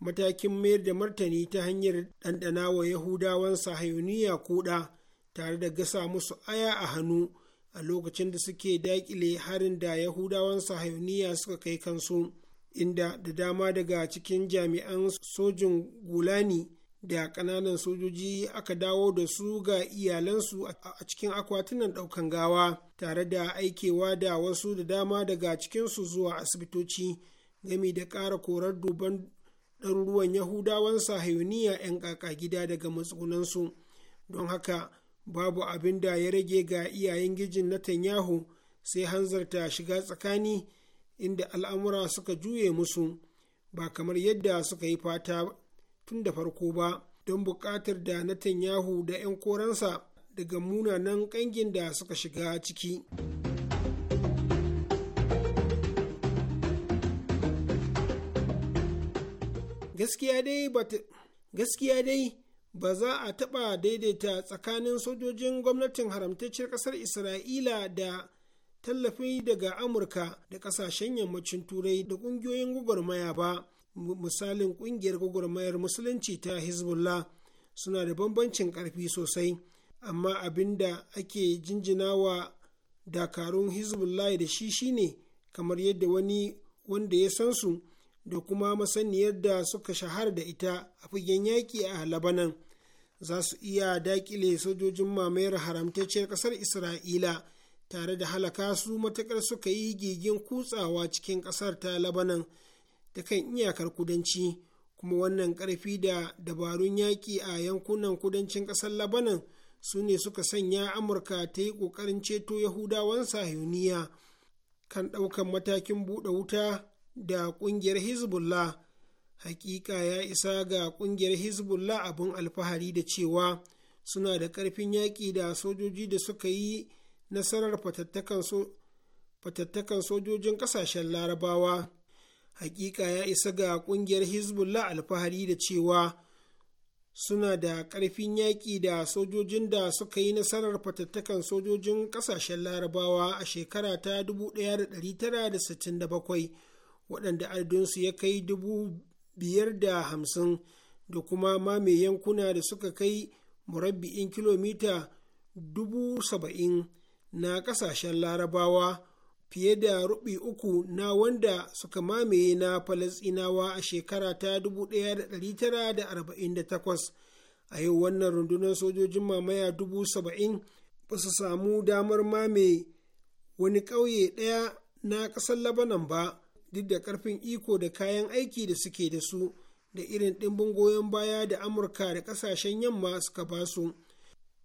S4: matakin mayar da martani ta hanyar ɗanɗana wa yahudawan sahayuniya koɗa tare da gasa musu aya a hannu a lokacin da suke daƙile harin da yahudawan sahayuniya suka kai kansu inda da dama daga cikin jami'an sojin gulani da ƙananan sojoji aka dawo da su ga iyalansu a cikin akwatunan ɗaukan gawa tare da aikewa da wasu da dama daga cikinsu zuwa asibitoci gami da ƙara korar duban ɗaruruwan yahudawan sahayuniya 'yan ƙaƙa gida daga matsugunansu don haka babu abin da ya rage ga iyayen gijin na tanyahu sai hanzarta shiga tsakani inda al'amura suka juye musu ba kamar yadda suka yi fata tun da farko ba don buƙatar da Netanyahu da 'yan koransa daga munanan ƙangin da suka shiga ciki. Gaskiya dai ba za a taɓa daidaita tsakanin sojojin gwamnatin haramtacciyar ƙasar Isra'ila da tallafi daga Amurka da ƙasashen yammacin Turai da ƙungiyoyin gwagwarmaya ba. misalin ƙungiyar gwagwarmayar musulunci ta hezbollah suna da bambancin ƙarfi sosai amma abin da ake jinjina wa dakarun hezbollah da shi shine kamar yadda wani wanda ya san su da kuma masaniyar da suka shahara da ita a fagen yaƙi a labanan za su iya daƙile sojojin mamayar haramtacciyar ƙasar isra'ila tare da halaka su matuƙar suka yi gigin kutsawa cikin ƙasar ta labanan ta kan iyakar kudanci kuma wannan ƙarfi da dabarun yaƙi a yankunan kudancin ƙasar labanan su ne suka sanya amurka ta yi ƙoƙarin ceto yahudawan sahiyuniya kan ɗaukan matakin buɗe wuta da ƙungiyar hezbollah hakika ya isa ga ƙungiyar hezbollah abin alfahari da cewa suna da ƙarfin yaƙi da sojoji da suka yi nasarar fatattakan sojojin ƙasashen larabawa hakika ya isa ga kungiyar hezbollah alfahari da cewa suna da karfin yaƙi da sojojin da suka yi nasarar fatattakan sojojin ƙasashen larabawa a shekara ta 1967 waɗanda ardunsu ya kai 550 da kuma mame yankuna da suka kai murabbi'in kilomita 70 na ƙasashen larabawa fiye da rubi uku na wanda suka mamaye na falasinawa a shekara ta 1948 a yau wannan rundunar sojojin mamaya dubu saba'in ba su samu damar mamaye wani ƙauye ɗaya na ƙasar labanan ba duk da ƙarfin iko da kayan aiki da suke da su da irin ɗimbin goyon baya da amurka da ƙasashen yamma suka basu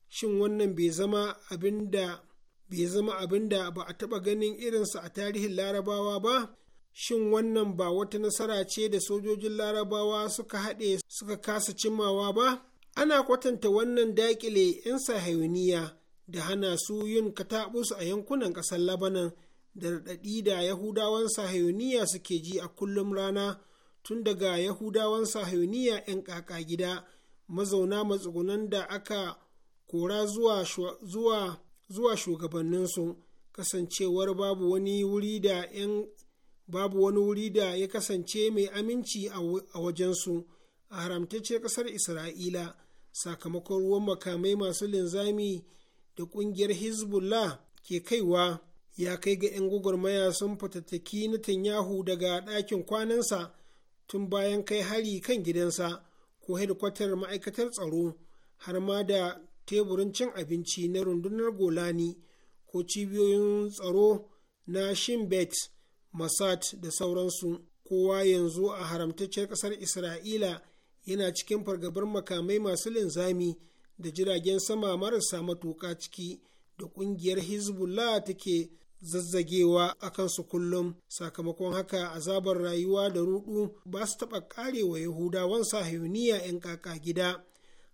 S4: shin wannan bai zama abin da bai zama abin da ba a taɓa ganin irinsa a tarihin larabawa ba shin wannan ba wata nasara ce da sojojin larabawa suka haɗe suka kasa cimmawa ba ana kwatanta wannan daƙile 'yan sahayuniya da hana su yin kataɓus a yankunan ƙasar labanan da raɗaɗi da yahudawan sahayuniya suke ji a kullum rana tun daga yahudawan sahayuniya 'yan ƙaƙa gida mazauna matsugunan da aka kora zuwa zuwa shugabanninsu kasancewar babu wani wuri da 'yan babu wani wuri da ya kasance mai aminci a wajensu a haramtacce ƙasar isra'ila sakamakon ruwan makamai masu linzami da ƙungiyar hezbollah ke kaiwa ya kai ga 'yan gwagwarmaya sun fatattaki Netanyahu daga ɗakin kwanansa tun bayan kai hari kan gidansa ko hedkwatar ma'aikatar tsaro har ma da teburin cin abinci na rundunar golani ko cibiyoyin tsaro na shimbet masat da sauransu kowa yanzu a haramtacciyar ƙasar isra'ila yana cikin fargabar makamai masu linzami da jiragen sama marasa matuƙa ciki da ƙungiyar hezbollah take zazzagewa a kansu kullum sakamakon haka azabar rayuwa da rudu ba su taɓa ƙarewa yahudawan sahiyuniya 'yan kaka gida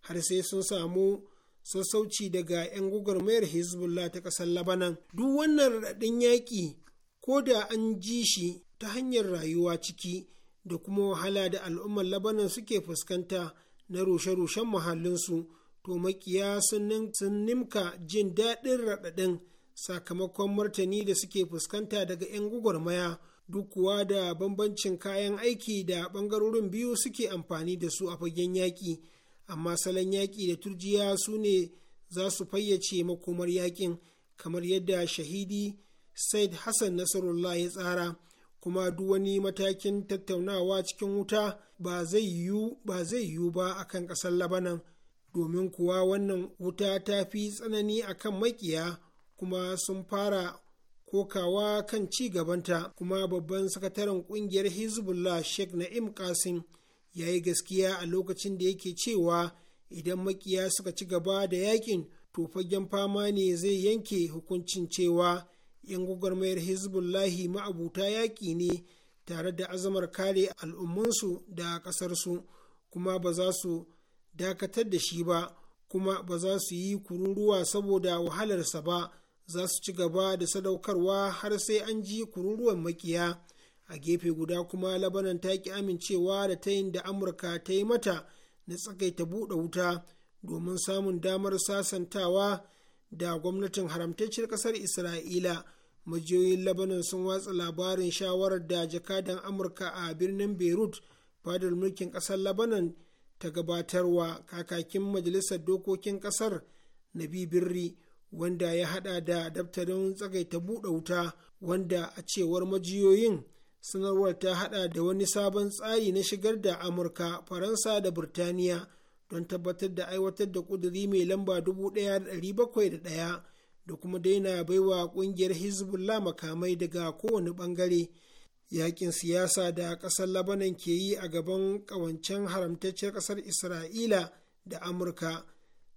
S4: har sai sun samu sassauci daga 'yan gwagwarmayar hezbollah ta ƙasar labanan duk wannan raɗaɗin yaƙi ko da an ji shi ta hanyar rayuwa ciki da kuma wahala da al'ummar labanan suke fuskanta na rushe-rushen muhallinsu to makiya sun nimka jin daɗin raɗaɗin sakamakon martani da suke fuskanta daga 'yan gwagwarmaya duk kuwa da bambancin kayan aiki da ɓangarorin biyu suke amfani da su a fagen yaƙi amma salon yaƙi da turjiya su ne za su fayyace makomar yaƙin kamar yadda shahidi said hassan nasarullah ya tsara kuma duk wani matakin tattaunawa cikin wuta ba zai yiwu ba zai yiwu ba akan ƙasar labanan domin kuwa wannan wuta ta fi tsanani akan maƙiya kuma sun fara kokawa kan ci gabanta kuma babban sakataren kungiyar hezbollah sheikh na'im kasim ya yi gaskiya a lokacin da yake cewa idan makiya suka ci gaba da yakin to fagen fama ne zai yanke hukuncin cewa 'yan gwagwarmayar hezbollahi ma'abuta yaƙi ne tare da azamar kare al'ummansu da ƙasarsu kuma ba za su dakatar da shi ba kuma ba za su yi kururuwa saboda wahalarsa ba za su ci gaba da sadaukarwa har sai an ji kururuwan makiya a gefe guda kuma labanan ta ki amincewa da tayin da amurka ta yi mata na tsakaita buɗe wuta domin samun damar sasantawa da gwamnatin haramtacciyar ƙasar isra'ila majiyoyin labanan sun watsa labarin shawarar da jakadan amurka a birnin beirut fadar mulkin ƙasar labanan ta gabatarwa kakakin majalisar dokokin ƙasar na birri wanda ya hada da daftarin tsagaita buɗe wuta wanda a cewar majiyoyin sanarwar ta hada da wani sabon tsari na shigar da amurka faransa da burtaniya don tabbatar da aiwatar da kuduri mai lamba 1701 da kuma daina baiwa kungiyar hezbollah makamai daga kowane bangare yakin siyasa da kasar labanan ke yi a gaban kawancen haramtaccen kasar isra'ila da amurka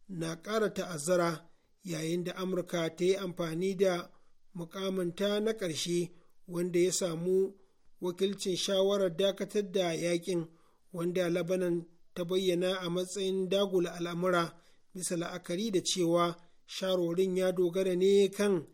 S4: na kara ta'azzara yayin da amurka ta yi amfani da mukamanta na ƙarshe wanda ya samu wakilcin shawarar dakatar da yakin wanda labanan ta bayyana a matsayin dagula al'amura bisa la'akari da cewa sharorin ya dogara ne kan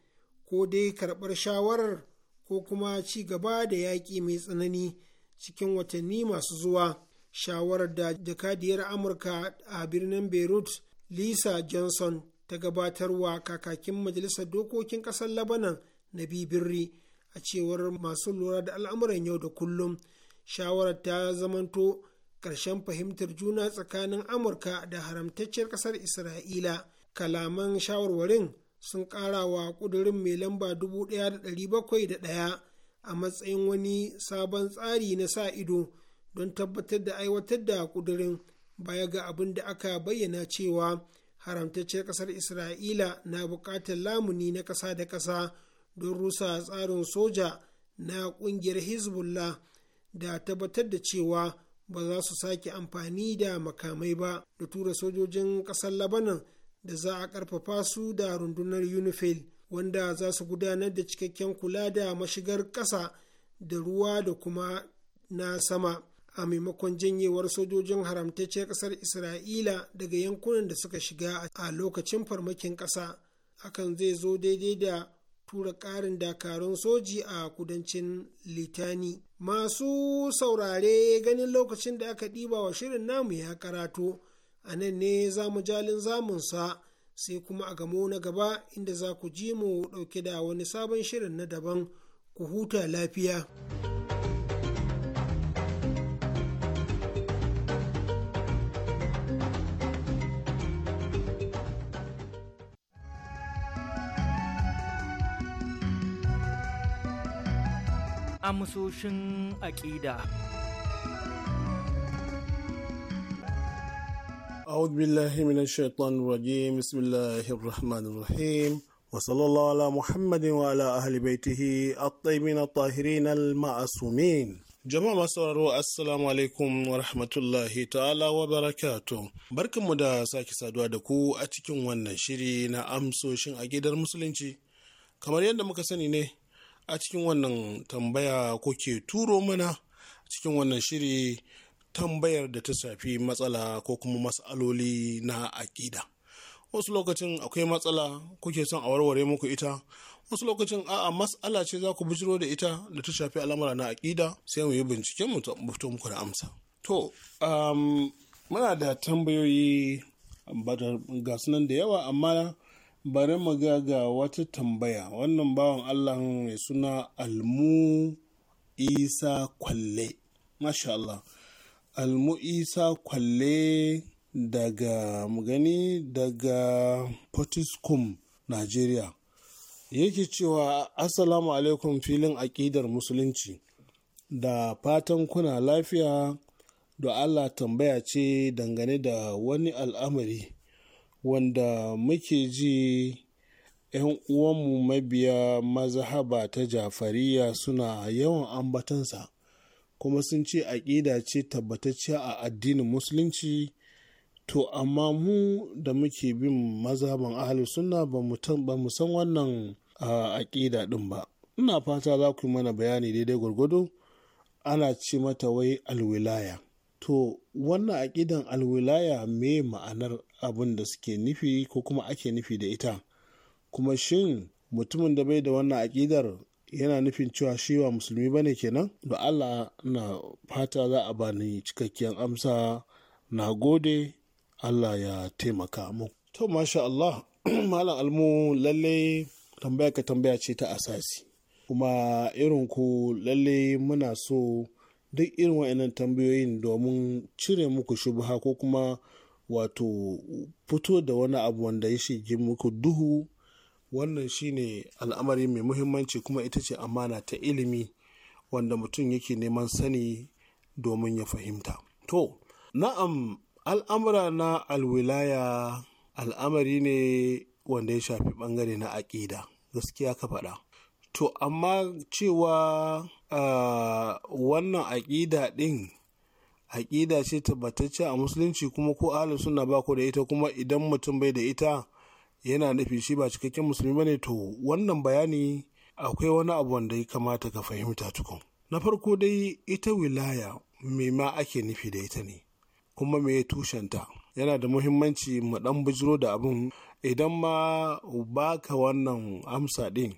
S4: ko dai karɓar shawarar ko kuma ci gaba da yaƙi mai tsanani cikin watanni masu zuwa shawarar da jakadiyar amurka a birnin beirut lisa johnson ta gabatarwa kakakin majalisar dokokin ƙasar labanan na bibirri a cewar masu lura da al'amuran yau da kullum shawarar ta zamanto ƙarshen fahimtar juna tsakanin amurka da haramtacciyar ƙasar isra'ila kalaman shawarwarin sun ƙara wa ƙudurin mai lamba ɗaya a matsayin wani sabon tsari na sa ido don tabbatar da aiwatar da ƙudurin baya ga abin da aka bayyana cewa haramtacciyar ƙasar isra'ila na buƙatar lamuni na ƙasa da ƙasa don rusa tsarin soja na kungiyar hezbollah da tabbatar da cewa ba za su sake amfani da makamai ba da tura sojojin kasar labanan da za a karfafa su da rundunar unifil wanda za su gudanar da cikakken kula da mashigar ƙasa da ruwa da kuma na sama a maimakon janyewar sojojin haramtacce ƙasar isra'ila daga yankunan da suka shiga a lokacin farmakin ƙasa hakan zai zo daidai da tura ƙarin dakarun soji a kudancin litani masu saurare ganin lokacin da aka ɗiba wa shirin namu ya karatu a nan ne za mu jalin zamunsa sai kuma a gamo na gaba inda za ku ji mu ɗauke da wani sabon shirin na daban ku huta lafiya.
S1: amsoshin aƙida.
S5: أعوذ بالله من الشيطان rahim wa sallallahu ala muhammadin wa ala ahli baitihi وعلى أهل بيته tahirin al المعصومين Jama'a masu sauraro Assalamu alaikum wa rahmatullahi ta'ala wa barakatu. Barkanmu da sake saduwa da ku a cikin wannan shiri na amsoshin a gidar Musulunci. Kamar yadda muka sani ne, a cikin wannan tambaya kuke turo mana cikin wannan shiri tambayar da ta shafi matsala ko kuma matsaloli na aƙida wasu lokacin akwai matsala kuke son a warware muku ita wasu lokacin a'a matsala ce za ku bijiro da ita da ta shafi al'amura na aƙida sai mu yi binciken mu fito muku da amsa to um, muna da tambayoyi ga sunan da yawa amma bari mu ga ga wata tambaya wannan bawan allah mai suna almu isa kwalle masha allah almu isa kwalle daga mugani daga potiskum nigeria yake cewa asalamu alaikum filin aƙidar musulunci da fatan kuna lafiya da allah tambaya ce dangane da wani al'amari wanda muke ji 'yan uwanmu mabiya mazhaba ta jafariya suna yawan ambatansa kuma sun ce aƙida ce tabbatacciya a addinin musulunci to amma mu da muke bin mazhaban ahalus suna ba mu san wannan aƙida ɗin ba ina fata za ku yi mana bayani daidai gwargwado ana ce mata wai alwilaya to wannan aƙidan alwilaya me ma'anar abin da suke nufi ko kuma ake nufi da ita kuma shin mutumin da bai da wannan aƙidar yana nufin cewa shi ba musulmi bane kenan da Allah na fata za a bani cikakken amsa na gode Allah ya taimaka mu to masha Allah malam almu lalle tambaya ka tambaya ce ta asasi kuma irin ku lalle muna so duk irin wa'annan tambayoyin domin cire muku shubha ko kuma wato fito da wani abu wanda ya shige muku duhu wannan shine al'amari mai muhimmanci kuma ita ce amana ta ilimi wanda mutum yake neman sani domin ya fahimta to na'am al'amura na alwilaya al'amari ne wanda ya shafi bangare na aƙida gaskiya ka faɗa to amma cewa wannan aƙida ɗin aƙida ce tabbatacce a musulunci kuma ko ahalin suna ba ku da ita kuma idan mutum bai da ita yana nufi shi ba cikakken musulmi ba ne, to wannan bayani akwai wani abu wanda ya kamata ka fahimta tukun na farko dai ita wilaya me ma ake nufi da ita ne kuma me tushenta yana da muhimmanci mu dan bujiro da abin idan ma baka wannan amsa ɗin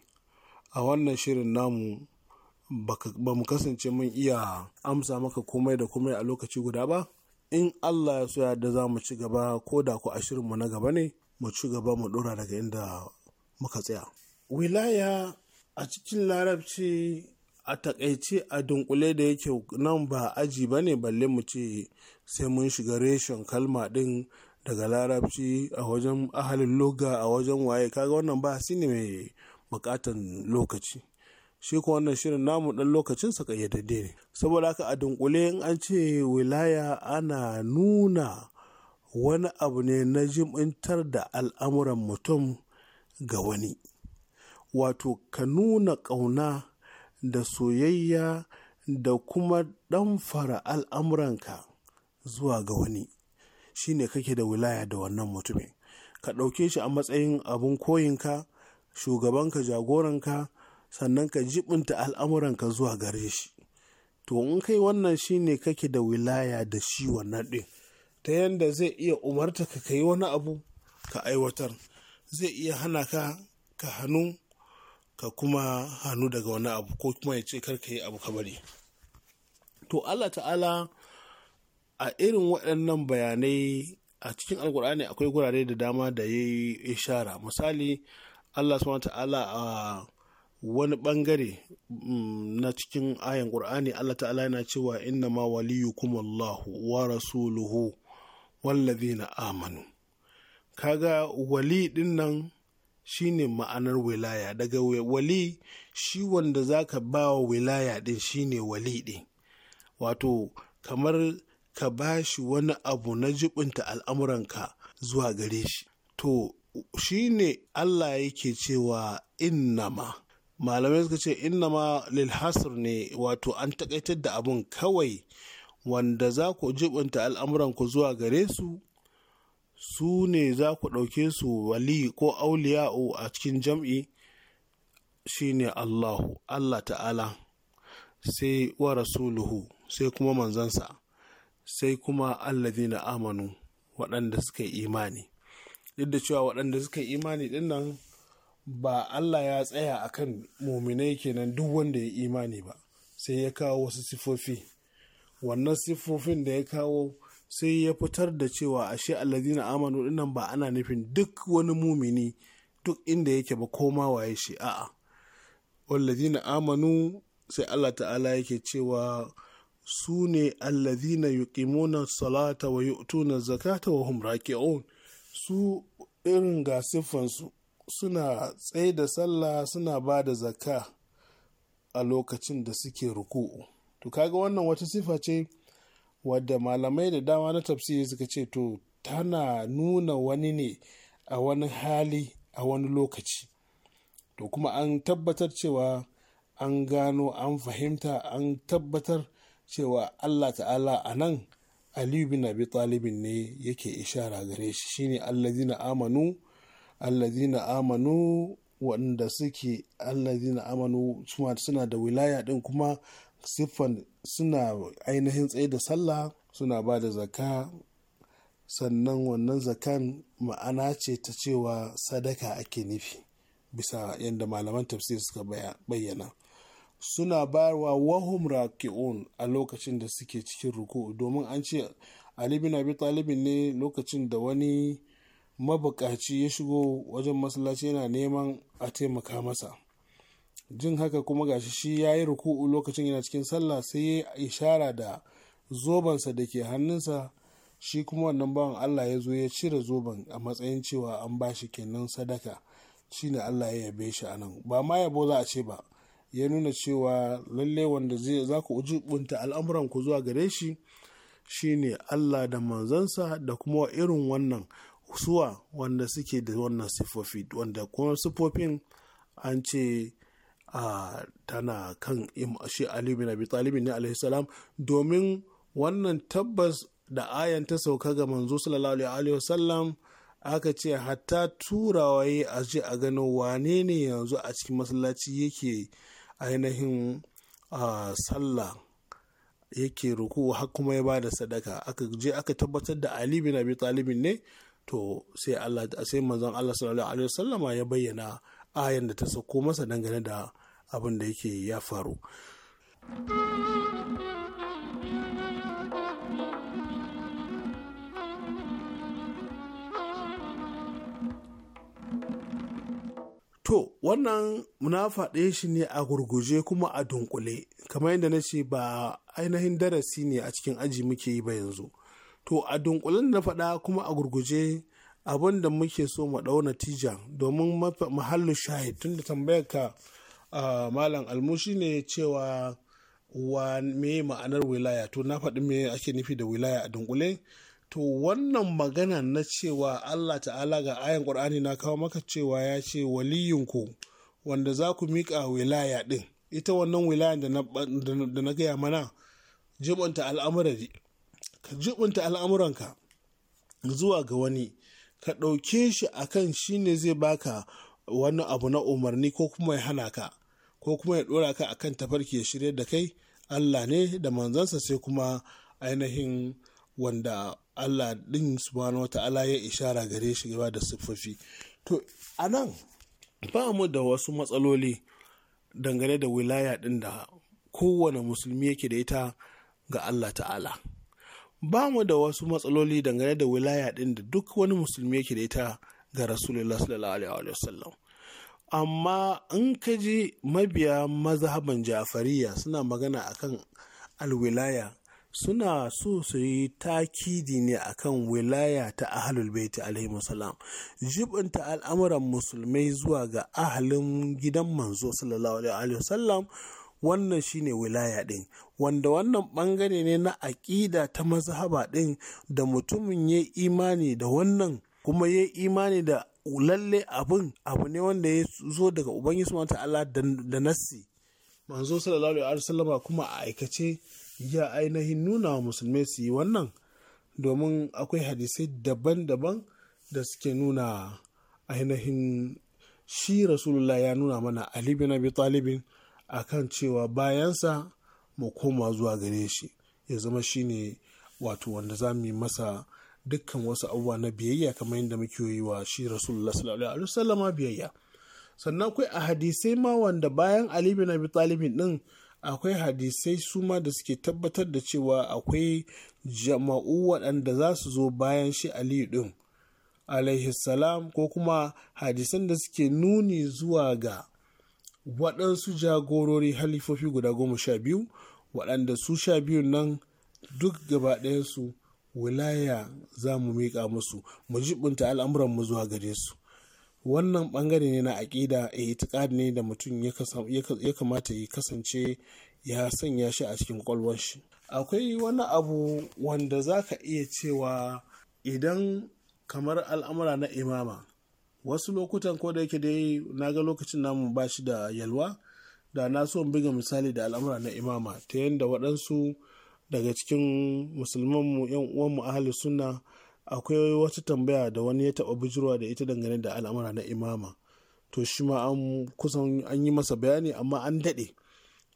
S5: a wannan shirin namu ba mu kasance mun iya amsa maka komai da komai a lokaci guda ba in allah ya so da za mu ci gaba ko da ku ashirinmu na gaba ne mu ci gaba mu dora daga inda muka tsaya wilaya a cikin larabci a takaice a dunkule da yake nan ba aji ba ne balle mu ce sai mun shiga reshen kalma din daga larabci a wajen ahalin loga a wajen waye kaga wannan ba ne mai bukatan lokaci shi ko wannan shirin namu dan lokacin sa kayyadadde ne saboda haka a dunkule in an ce wilaya ana nuna wani abu ne na jimintar da al'amuran mutum ga wani wato ka nuna ƙauna da soyayya da kuma ɗamfara al'amuranka zuwa ga wani shi ne kake da wilaya da wannan mutumin ka ɗauke shi a matsayin abin koyinka shugabanka jagoranka sannan ka jibinta al'amuranka zuwa gare shi to in kai wannan shi shine kake da wilaya da shi wannan ɗin ta yanda zai iya umarta ka kai wani abu ka aiwatar zai iya hana ka ka hannu ka kuma hannu daga wani abu ko kuma ya ce karka yi abu bari. to allah ta'ala a irin waɗannan bayanai a cikin alkur'ani akwai gurare da dama da ya yi ishara misali allah ta'ala a wani bangare mm, na cikin ayan ƙur'ani Allah ta'ala yana cewa inna ma waliyukum Allahu wa rasuluhu wallazina amanu kaga wali din nan shine ma'anar wilaya daga wali shi wanda zaka ba wa wilaya din shine wali din wato kamar ka ba shi wani abu na jibinta al'amuranka zuwa gare shi to shine Allah yake cewa innama malamai suka ce inna ma lilhasir ne wato an takaitar da abun kawai wanda za ku jibinta al'amuranku zuwa gare su su ne za ku ɗauke su wali ko auliya'u a cikin jam'i shine allahu allah ta'ala sai wa rasuluhu sai kuma manzansa sai kuma na amanu waɗanda suka yi imani duk da cewa waɗanda suka yi imani ɗinnan ba Allah ya tsaya a akan muminai kenan duk wanda ya imani ba sai ya kawo wasu sifofi wannan sifofin da ya kawo sai ya fitar da cewa ashe Alladina amanu dinnan ba ana nufin duk wani mumini duk inda yake ba koma waye shi a'a Alladina amanu sai Allah ta'ala yake cewa su ne Alladina yuqimuna salata wa yu'tuna zakata wa hum su irin ga siffansu suna tsaye da sallah suna ba da zakka a lokacin da suke ruku'u to kaga wannan wata sifa ce wadda malamai da dama na tafsiri suka ce to tana nuna wani ne a wani hali a wani lokaci to kuma an tabbatar cewa an gano an fahimta an tabbatar cewa allah ta'ala a nan aliyu bin abi talibin ne yake ishara gare shi shine allazina amanu allazina amanu wanda suke allazina amanu suna da wilaya din kuma siffan suna ainihin tsaye da sallah suna ba da zaka sannan wannan zakan ma'ana ce ta cewa sadaka ake nufi bisa yadda malaman tafsir suka bayyana suna bayarwa wahum raki'un a lokacin da suke cikin ruku domin an ce alibi na abi talibin ne lokacin da wani mabukaci ya shigo wajen masallaci yana neman a taimaka masa jin haka kuma gashi shi ya yi ruku'u lokacin yana cikin sallah sai ya ishara da zobansa da ke hannunsa shi kuma wannan bawan allah ya zo ya cire zoban a matsayin cewa an ba shi kenan sadaka shine allah ya yabe shi anan ba ma yabo za a ce ba ya nuna cewa lalle wanda zai za ku bunta al'amuran ku zuwa gare shi ne allah da manzansa da kuma irin wannan suwa wanda suke da wannan sifofi wanda kuma sifofin an ce a tana kan shi alibi na Abi ne alaihi salam domin wannan tabbas da ayan ta sauka ga manzo sallallahu alaihi wasallam aka ce hatta yi a je a gano wane ne yanzu a cikin masallaci yake ainihin sallah yake ruku har kuma ya ba da sadaka aka je aka tabbatar da alibi na Abi ne to sai Allah sai manzon Allah sallallahu alaihi wasallama ya bayyana ayan da ta sauko masa dangane da abin da yake ya faru To, wannan munafaɗe shi ne a gurguje kuma a dunkule, kamar yadda na ce ba ainihin darasi ne a cikin aji muke yi ba yanzu. to a dunkulen na faɗa kuma a gurguje abin da muke so mu ɗau natija domin mahallu shahid tunda tambayar ka malam almushi ne cewa wa me ma'anar wilaya to na faɗi me ake nufi da wilaya a dunkule to wannan magana na cewa Allah ta'ala ga ayan ƙur'ani na kawo maka cewa ya ce waliyinku wanda za ku miƙa wilaya ɗin ita wannan wilaya da na gaya mana jibanta al'amurari ka jibinta al'amuranka zuwa ga wani ka ɗauke shi a kan shi ne zai baka wani abu na umarni ko kuma ya hana ka ko kuma ya ɗora ka a kan tafarki ya shirya da kai Allah ne da manzansa sai kuma ainihin wanda Allah ɗin subhanahu wa ta'ala ya ishara gare shi gaba da siffofi to a nan ba mu da wasu matsaloli dangane da wilaya ɗin da kowane musulmi yake da ita ga Allah ta'ala ba mu da wasu matsaloli dangane da wilaya ɗin da duk wani musulmi yake da ita ga rasulullah sallallahu alaihi wasallam amma in ka ji mabiya mazhaban jafariya suna magana akan alwilaya suna so su yi takidi ne akan wilaya ta ahlul baiti alaihi jibinta al'amuran musulmai zuwa ga ahalin gidan manzo sallallahu alaihi wasallam wannan shine wilaya ɗin wanda wannan ɓangare ne na aƙida ta mazhaba ɗin da mutumin ya imani da wannan kuma ya imani da lalle abin abu ne wanda ya zo daga ubangiji subhanahu ta'ala da nassi manzo sallallahu alaihi wasallama kuma a aikace ya ainihin nuna wa musulmai su yi wannan domin akwai hadisai daban-daban da suke nuna ainihin shi rasulullah ya nuna mana ali bin abi talibin a kan cewa bayansa mu koma zuwa gare shi ya zama shi ne wato wanda za mu yi masa dukkan wasu abubuwa na biyayya kamar yadda muke yi wa shi rasulullah sallallahu alaihi wasallam biyayya sannan akwai a hadisai ma wanda bayan ali bin abi talib din akwai hadisai su ma da suke tabbatar da cewa akwai jama'u waɗanda za su zo bayan shi ali din alaihi salam ko kuma hadisan da suke nuni zuwa ga waɗansu jagorori halifofi guda goma sha biyu waɗanda su sha biyu nan duk gaba ɗayansu wilaya za mu miƙa musu mu jibinta al'amuran mu zuwa gare su wannan ɓangare ne na aƙida eh, a ta ne da mutum ya kamata ya kasance ya sanya shi a cikin ƙwaƙwalwar shi akwai wani abu wanda za ka iya cewa idan kamar al'amura na imama wasu lokutan ko da yake dai na ga lokacin namu ba shi da yalwa da na so buga misali da al'amura na imama ta yadda waɗansu daga cikin musulmanmu yan uwanmu ahali suna akwai wata tambaya da wani ya taɓa bijirwa da ita dangane da al'amura na imama to shi ma an kusan an yi masa bayani amma an daɗe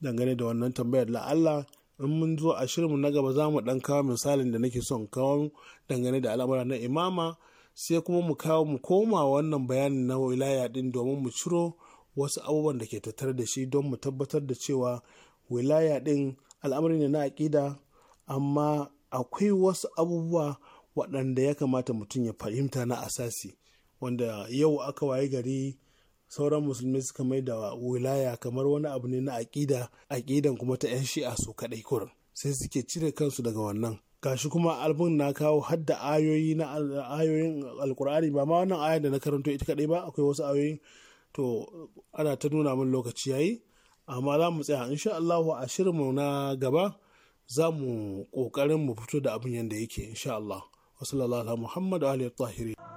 S5: dangane da wannan tambayar la'alla in mun zo a shirinmu na gaba za mu ɗan kawo misalin da nake son kawo dangane da al'amura na imama sai kuma mu kawo mu koma wannan bayanin na wilaya din domin mu ciro wasu abubuwan da ke tattare da shi don mu tabbatar da cewa wilaya din al'amari ne na aƙida amma akwai wasu abubuwa waɗanda ya kamata mutum ya fahimta na asasi wanda yau aka waye gari sauran musulmi suka mai da wilaya kamar wani abu ne na aƙida aƙidan kuma ta 'yan shi'a su kaɗai kurin sai suke cire kansu daga wannan gashi kuma albin na kawo hadda ayoyi na ayoyin alkur'ani ba ma wannan ayar da na karanto ita kadai ba akwai wasu ayoyi to ana ta nuna min lokaci yayi amma za mu tsaya insha Allah a mu na gaba za mu kokarin mu fito da abin yanda yake insha Allah wasu muhammad wa Ali Tahiri.